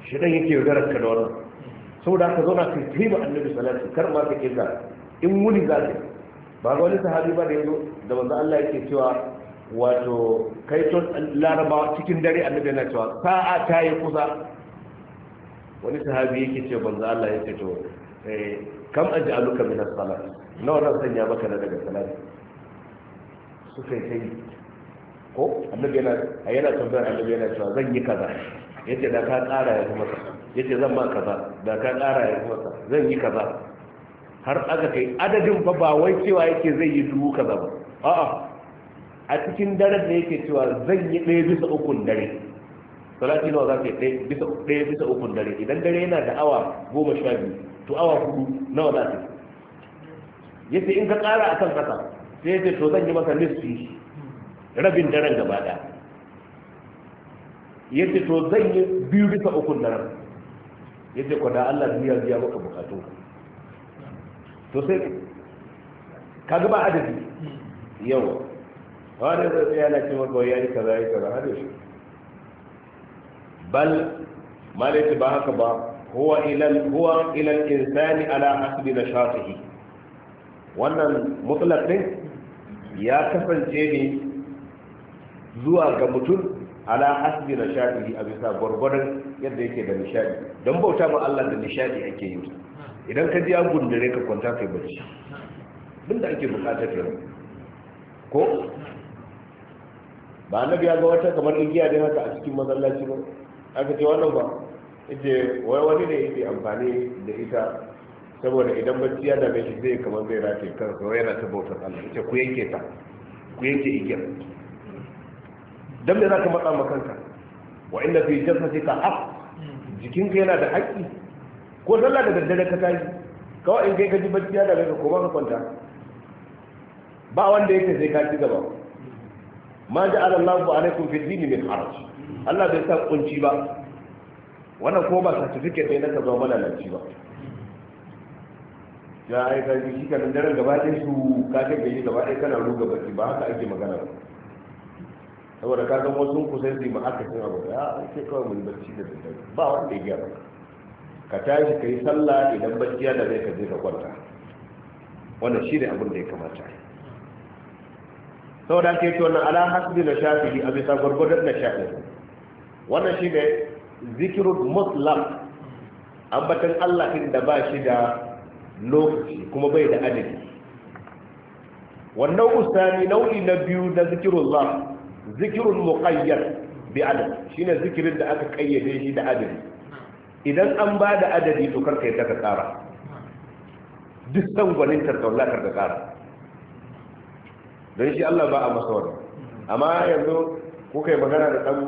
shi dan yake yaudarar ka da wannan saboda haka zauna ka yi ma annabi salati kar ma ka kirga in wuni za ka ba ga wani sahabi ba da yazo da manzo Allah yake cewa wato kaiton larabawa cikin dare annabi yana cewa sa'a ta yi kusa wani sahabi yake ce banza Allah yake cewa to eh, kam aj'aluka min as-salat nawa nan sanya maka na daga salati su yi sai ko annabi yana a yana tambayar annabi yana cewa zan yi kaza yace da ka ƙara ya kuma yace zan ba kaza da ka ƙara ya kuma zan yi kaza har aka kai adadin fa ba wai cewa yake zai yi dubu kaza ba a'a a cikin daren da yake cewa zan yi ɗaya bisa ukun dare salati nawa za ka yi ɗaya bisa ukun dare idan dare yana da awa goma sha biyu to awa hudu nawa za ka yi Ya ce in ka tsara kan kasa sai ya ce to zan yi maka nisfi rabin daren gaba Ya ce to zan yi biyu bisa ukun daren yace ko da Allah biya biya maka bukatu to sai kaga ba adadi yawa wani zai yana ce maka wai yayi kaza yayi kaza har shi. bal malaiti ba haka ba huwa ilal huwa ilal insani ala hasbi nashatihi wannan mutlaq din ya kasance ne zuwa ga mutum ala hasbi na shaɗi a bisa gwargwaron yadda yake da nishadi don bauta ma Allah da nishadi ake yi idan ka ji an gundure ka kwanta kai bacci duk da ake bukatar kenan ko ba na biya ga wata kamar igiya ne haka a cikin masallaci ba aka ce wannan ba yace wai wani ne yake amfani da ita saboda idan bacci ya dame mai zai kamar zai rataye kansa wai yana ta bautar Allah ita ku yanke ta ku yanke igiyar dan me zaka matsa ma kanka wa inna fi jasadika haq jikinka yana da haƙƙi ko sallah da daddare ka tashi kawai in kai ka ji bacci ya dame ka kuma ka kwanta ba wanda yake sai ka ci gaba ma ja'ala Allahu alaikum fi dini min haraj Allah bai sa kunci ba wannan ko ba certificate ne na ka zo nan ci ba ya a yi ji shi kanan daren gaba ɗaya su ka kai gari gaba ɗaya kana ruga baki ba haka ake magana ba saboda ka zama wasu kusa su yi ma'aka sun abu ya ake kawai mun bacci da daddare ba wanda ya gyara ka tashi ka yi sallah idan bacci yana zai ka je ka kwanta wannan shi ne abin da ya kamata saboda ake ce wannan ala hasbi na shafi a bisa gwargwadon na shafi wannan shi ne zikirun muslim ambatan allah inda ba shi da lokaci kuma bai da adadi wannan ustani nau'i na biyu na zikirullah zikirun muqayyad bi adad shine zikirin da aka kayyade shi da adadi idan an ba da adadi to karka yi taka tsara duk san gwanin tarkaula karka tsara don shi Allah ba a masa wani amma yanzu kuka yi magana da ɗan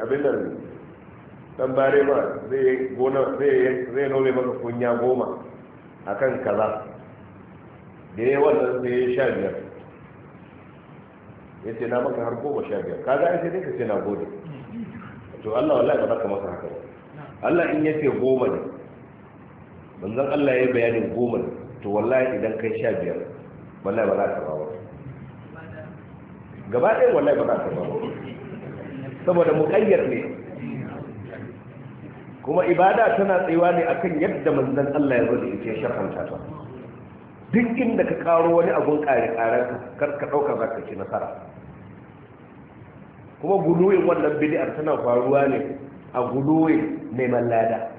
abin nan eh, dan bare ma zai gona zai zai nome maka kunya goma akan kaza da ya wannan zai ya sha biyar ya ce na maka har goma sha biyar kaga ya ce ne ka ce na gode to Allah wallahi ba baka masa haka Allah in ya ce goma ne manzon Allah ya bayani goma ne to wallahi idan kai sha biyar wallahi ba za ka ba gaba ɗaya wallahi ba za ka ba saboda muƙayyar ne kuma ibada tana tsayuwa ne akan yadda manzon Allah ya rubuta ita ya ta ta duk inda ka karo wani abun kare karen kar ka dauka zaka ci nasara kuma guluwin wannan bid'ar tana faruwa ne a guluwin neman lada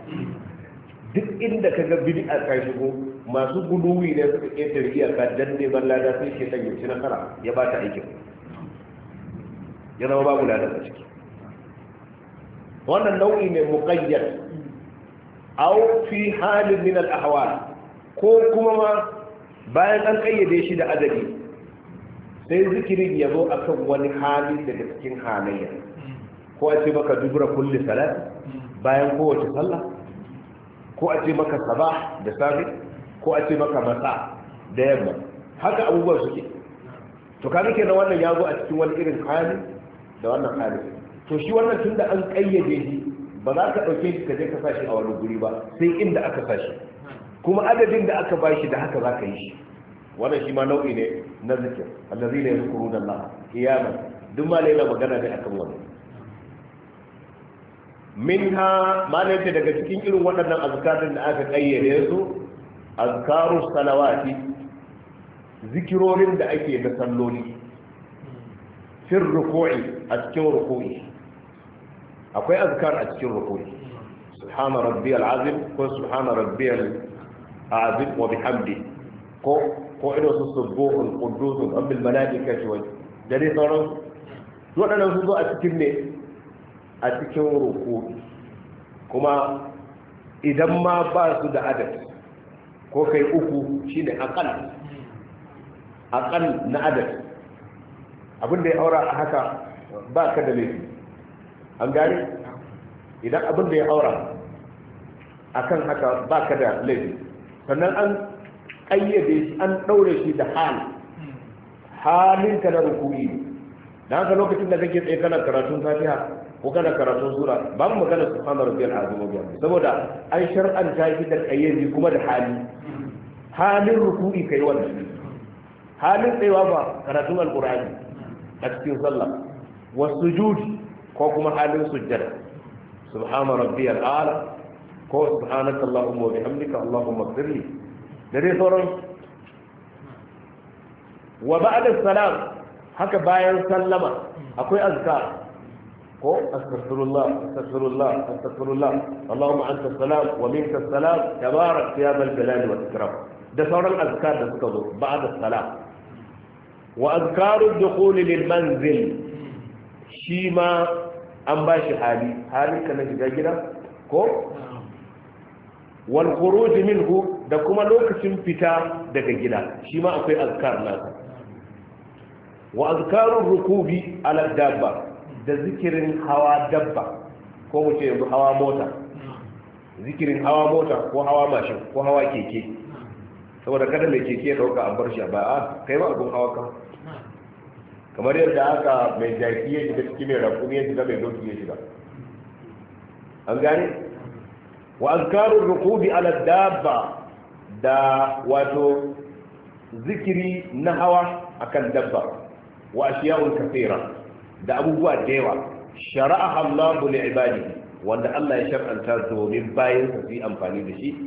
duk inda ka ga bid'a ka shigo masu guduwi ne suka ƙetare iyaka dan neman lada sai shaitan ya ci nasara ya ba ta aikin ya zama babu ladan a ciki wannan nau'i ne muƙayyar a fi halin min al ahwal ko kuma ma bayan an kayyade shi da adadi sai zikirin ya zo akan wani hali daga cikin halayya ko a ce maka dubura kulli salat bayan kowace sallah ko a ce maka sabah da safe ko a ce maka masa da yamma haka abubuwa suke to kaga kenan wannan ya zo a cikin wani irin hali da wannan hali to shi wannan tun da an ƙayyade shi ba za ka ɗauke shi ka je ka sashi a wani guri ba sai inda aka sashi kuma adadin da aka bashi da haka za ka yi shi wannan shi ma nau'i ne na zikir allazi ne kuru da Allah kiyama duk ma yana magana ne akan wannan minha malai ta daga cikin irin waɗannan azkarin da aka kayyade su azkaru salawati zikirorin da ake na salloli fir ruku'i a cikin ruku'i akwai azkar a cikin rukuni subhana rabbiyal azim ko subhana rabbiyal azim wa bihamdi ko ko ido su subuhun qudusun abul malaikati wa dare sauran wadannan su zo a cikin ne a cikin rukuni kuma idan ma ba su da adad ko kai uku shine aqal aqal na adad abin da ya aura a haka ba ka da laifi an gari idan abin da ya aura a kan haka ba ka da laifi sannan an ƙayyade shi an ɗaure shi da hal halin ka na rukuni da haka lokacin da kake tsaye kana karatun fatiha ko kana karatun sura ba mu magana su fama rufiyar azuma biyar saboda an shar'anta shi da ƙayyade kuma da hali halin rukuni yi wannan halin tsayawa ba karatun alƙur'ani a cikin sallah wasu judi ko kuma halin sujjada subhana rabbiyal a'la ko subhanaka allahumma wa bihamdika allahumma ighfirli da dai sauran wa ba'da salam haka bayan sallama akwai azkar ko astaghfirullah astaghfirullah astaghfirullah allahumma anta salam wa minka salam tabarak ya bal jalali wal ikram da sauran azkar da suka zo ba'da salam wa azkaru dukhul lil manzil shi ma an ba shi hali halinka na shiga gida ko wal khuruj minhu da kuma lokacin fita daga gida shi ma akwai azkar nasa wa azkarun rukubi ala dabba da zikirin hawa dabba ko mu ce yanzu hawa mota zikirin hawa mota ko hawa mashin ko hawa keke saboda kada mai keke ya dauka a bar shi a ba a ah, kai ba abun hawa ka kamar yadda aka mai jaki ya shiga ciki mai rakumi ya shiga mai doki ya shiga an gane wa karo rukubi ala dabba da wato zikiri na hawa akan dabba wa ashiya'un kaseera da abubuwa da yawa shara'a Allahu li ibadi wanda Allah ya shar'anta domin bayan su yi amfani da shi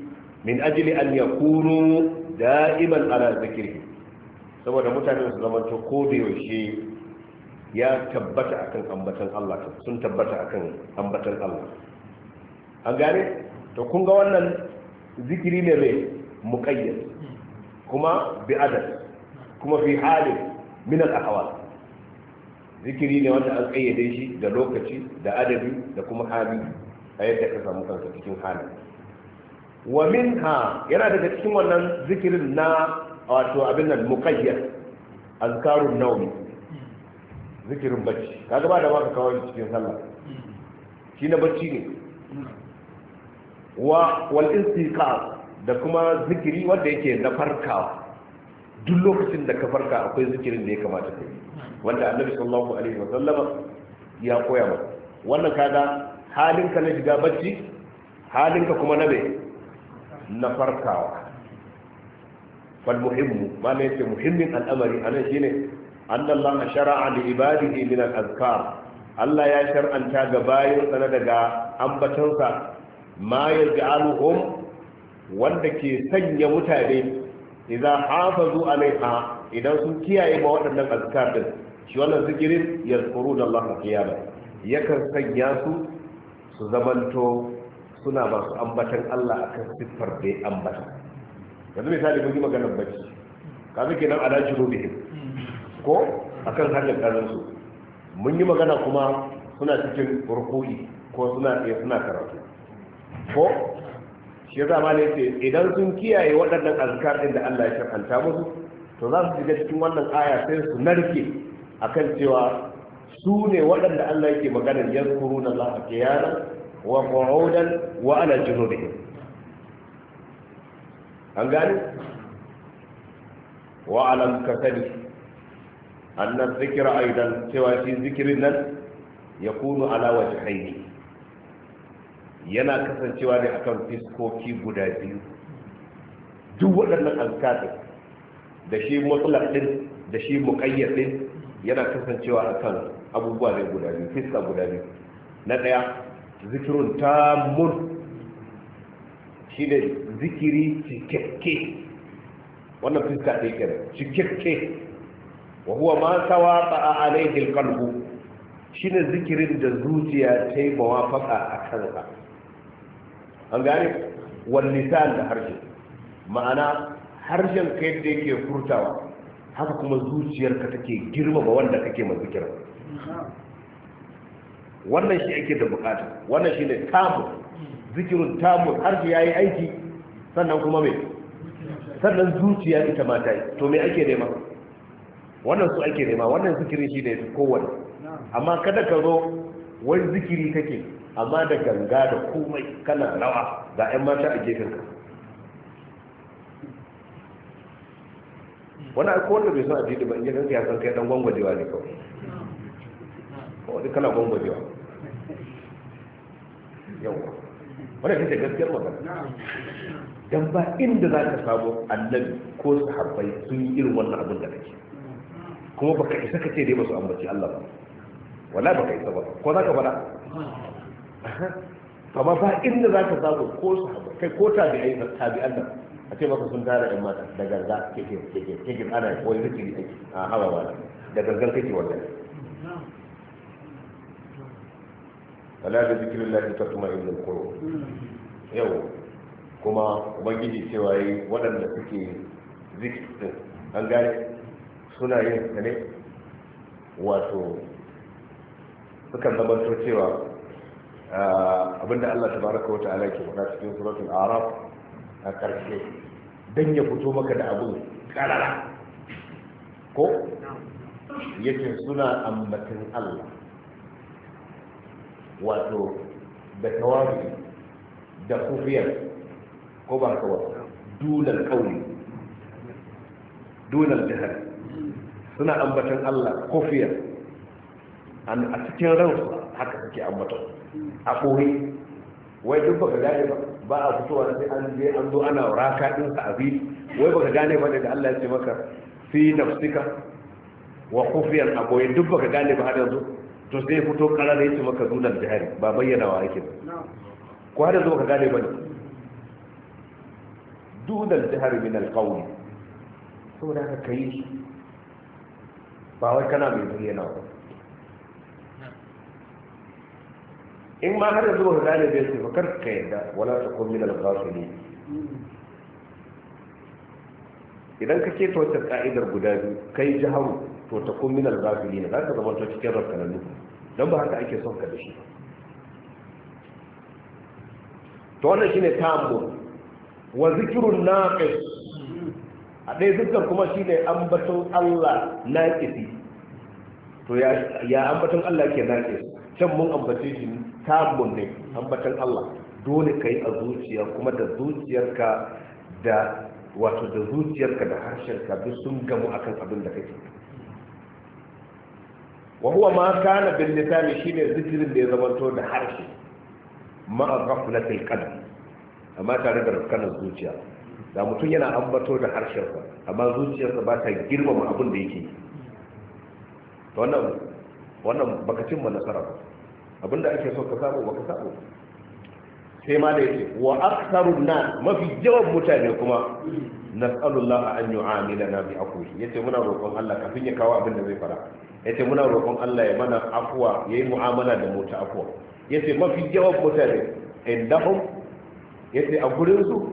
min ajili an yakunu da'iman ala zikrihi saboda mutane su zama to ko da yaushe ya tabbata akan ambatan Allah sun tabbata akan ambatan Allah an gane to kun ga wannan zikiri ne mai muqayyad kuma bi adad kuma fi hali. min al ahwal zikiri ne wanda an kayyade shi da lokaci da adabi da kuma hali a yadda ka samu kanka cikin hali. wa minha yana daga cikin wannan zikirin na wato abin nan muqayyad azkarun nawm zikirin bacci kaga ba da ba ka kawo cikin sallah shi na bacci ne wa wal istiqaz da kuma zikiri wanda yake na farkawa duk lokacin da ka farka akwai zikirin da ya kamata ka yi wanda annabi sallallahu alaihi wa sallama ya koya maka wannan kaga halinka na shiga bacci halinka kuma na me na farkawa fal muhimmu ma ne ce muhimmin al'amari anan shine annallaha shara'a li ibadihi min al-azkar Allah ya shar'anta ga bayin sana daga ambatansa ma yaj'aluhum wanda ke sanya mutane idan hafazu alaiha idan sun kiyaye ma waɗannan azkar din shi wannan zikirin yazkuru da Allah kiyama yakan sanya su su zamanto suna masu ambatan Allah akan siffar da ambata yanzu misali mun yi maganar bacci zuke kenan a da hin ko kan hanyar karin su mun yi magana kuma suna cikin ruku'i ko suna tsaye suna karatu ko shi yasa ma ne idan sun kiyaye waɗannan azkar da Allah ya shakanta musu to za su shiga cikin wannan aya sai su narke akan cewa su ne waɗanda Allah yake maganar za Allah qiyana wa qu'udan wa ala junubihim an gani wa alam ka sani annan zikira aidan cewa shi zikirin nan ya kunu ala wajhaini yana kasancewa ne akan fiskoki guda biyu duk waɗannan alkatin da shi matsalar da shi muƙayyar ɗin, yana kasancewa akan abubuwa ne guda biyu fiska guda biyu na ɗaya zikirun tamun shi ne zikiri cikakke wannan fuska ɗaya kenan cikakke wa huwa ma alaihil kalbu shi shine zikirin da zuciya ta yi mawafaka a kansa an gane sa'an da harshe ma'ana harshen ka yadda yake furtawa haka kuma zuciyarka take girmama wanda kake mai zikirin wannan shi ake da bukata wannan shi ne tamu zikirin tamu harshe ya yi aiki sannan kuma mai sannan zuciya ita ma ta yi to me ake nema wannan su ake nema wannan zikiri shi ne kowane amma kada ka zo wani zikiri kake amma da ganga da komai kana rawa ga 'yan mata a ka wani aiko wanda bai san addini ba in yanzu ya san kai dan gwangwajewa ne kawai kawai kana gwangwajewa yawa wanda ta gaskiyar magana dan ba inda za ka samu annabi ko sahabbai sun yi irin wannan abin da take, kuma baka isa ka ce dai basu ambaci Allah ba wala baka isa ba ko za ka bada amma ba inda za ka samu ko sahabbai kai ko tabi'ai da tabi'an nan a ce maka sun tara yan mata da garga kake kake kake ana koyi kake ake a hawa ba da gargar kake wannan ala da zikirin lafi ta tuma ibn kuro yau kuma ubangiji cewa yi waɗanda suke zikirin an gane suna yin sa ne wato sukan zamanto cewa abinda Allah tabaraka wa ta'ala ke wata cikin suratun Arab a ƙarshe don ya fito maka da abin karara ko yake suna ambatin Allah wato da tawari da kufiyar ko ba ka wasu dunar kauli dunar jihar suna ambatan Allah kufiyar a cikin ransu haka suke ambatan a kori wai duk baka gane ba ba a fitowa sai an je an zo ana raka din sa abi wai baka gane ba daga Allah ya ce maka fi nafsika wa kufiyan a koyi duk baka gane ba har yanzu to ya fito kara ya ce maka dunan jihari ba bayyana wa aikin ko hada zo ka gane ba ne dunan jihari min alƙawli sau da ka yi ba wai kana mai bayyana ba in ma har zo ka gane bai sai fakar kar ka yadda wala ta kun min ne idan ka keta wata ka'idar guda biyu kai jiharu to ta kun minal ne za ka zama ta cikin rafkanannu don ba haka ake son ka da shi to wannan ne tambo wa zikrun naqis a ɗaya zikr kuma shi ne ambatun Allah naqisi to ya ambatun Allah ke naqis can mun ambace shi tambo ne ambatun Allah dole ka yi a zuciya kuma da zuciyarka da wato da zuciyarka da harshenka duk sun gamu akan abin da kake wa huwa ma kana bil shi shine zikirin da ya zamanto da harshe ma ghaflatil qalb amma tare da rukan zuciya da mutum yana ambato da harshen sa amma zuciyarsa ba ta girmama abin da yake wannan wannan baka cimma nasara ba abinda ake so ka samu baka samu sai ma da yake wa aktharun nas mafi yawan mutane kuma nas'alullah an yu'amilana bi aqwi yace muna roƙon Allah kafin ya kawo abin da zai fara ce muna roƙon Allah ya mana afuwa ya yi mu'amala da mu ta afuwa ce mafi yawan mutane ya ce a gurin su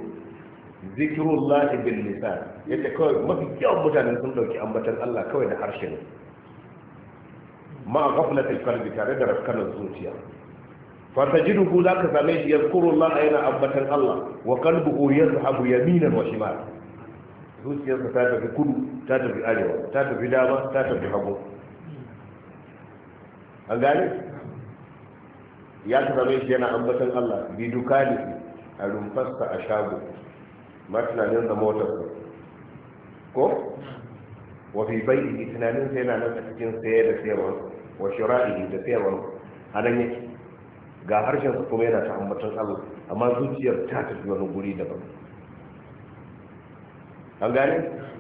zikrullah nisa ya ce kawai mafi yawan mutane sun dauki ambatan Allah kawai da harshe ne ma ghaflatil qalbi tare da rafkanar zuciya duhu za ka same shi kuro Allah yana ambatan Allah wa abu ya yaminan wa ma zuciyarsa ta tafi kudu ta tafi arewa ta tafi dama ta tafi hagu an gane ya ta zama shi yana ambatan Allah bi duka ne a rumfasta a shago ma tunanin da motar ko ko wa fi bai ne tunanin sai yana nan cikin saye da sayarwar wa shira'i da sayarwar a nan yake ga harshen su kuma yana ta ambatan Allah amma zuciyar ta tafi wani guri daban an gane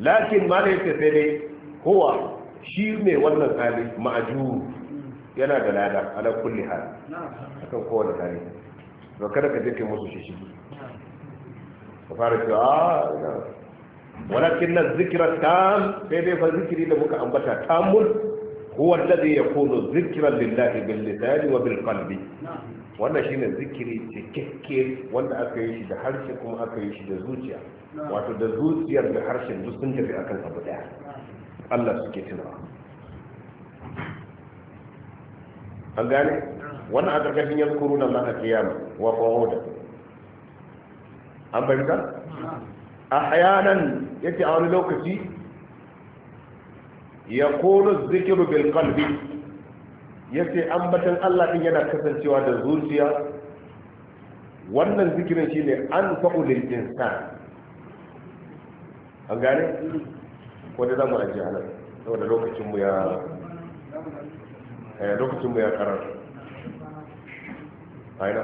lakin ma da yake sai dai kowa shi ne wannan hali ma'aju yana da lada ala kulli hal akan kowane hali to kada ka je musu shi shi ka fara cewa ah, walakin na zikira tam sai dai fa zikiri da muka ambata tamul huwa alladhi yakunu zikran lillahi bil lisani wa bil qalbi wannan shine zikiri cikakke wanda aka yi shi da harshe kuma aka yi shi da zuciya wato da zuciyar da harshen duk sun tafi akan abu daya Allah suke tunawa an gane wannan a ƙarƙashin yadkuru na maka kiyama wa fa'uda an bayyana a hayanan ce a wani lokaci ya kono zikiru bil ce an ambatan Allah ɗin yana kasancewa da zuciya wannan zikirin ne an fa'u da an gane wanda za mu ajiye a nan saboda lokacinmu ya eh, lokacinmu ya karar aina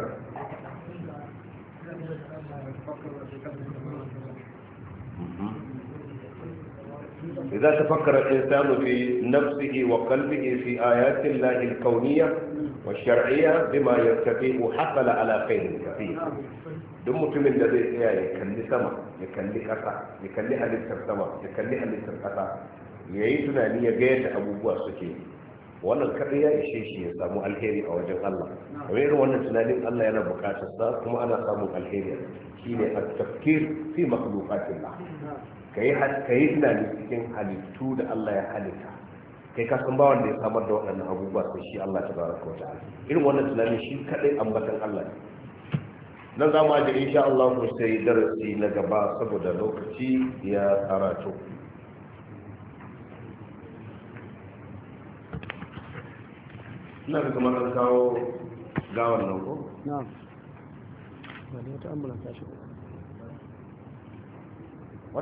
إذا تفكر الإنسان في نفسه وقلبه في آيات الله الكونية والشرعية بما يستقيم حصل على خير كثير duk mutumin da zai tsaya ya kalli sama ya kalli ƙasa ya kalli halittar sama ya kalli halittar ƙasa ya yi tunani ya ga yadda abubuwa suke wannan kaɗai ya ishe shi ya samu alheri a wajen Allah kamar irin wannan tunanin Allah yana buƙatar sa kuma ana samun alheri shine at-tafkir fi makhluqatillah kai kai tunani cikin halittu da Allah ya halitta kai ka san bawan da ya samar da waɗannan abubuwa sai shi Allah tabaraka wa ta'ala irin wannan tunanin shi kaɗai ambatan Allah ne nan za mu ajiye insha Allah mu sai darasi na gaba saboda lokaci ya karatu ina ga kamar an kawo gawar nan ko na'am ba ne ta ambulance ta shigo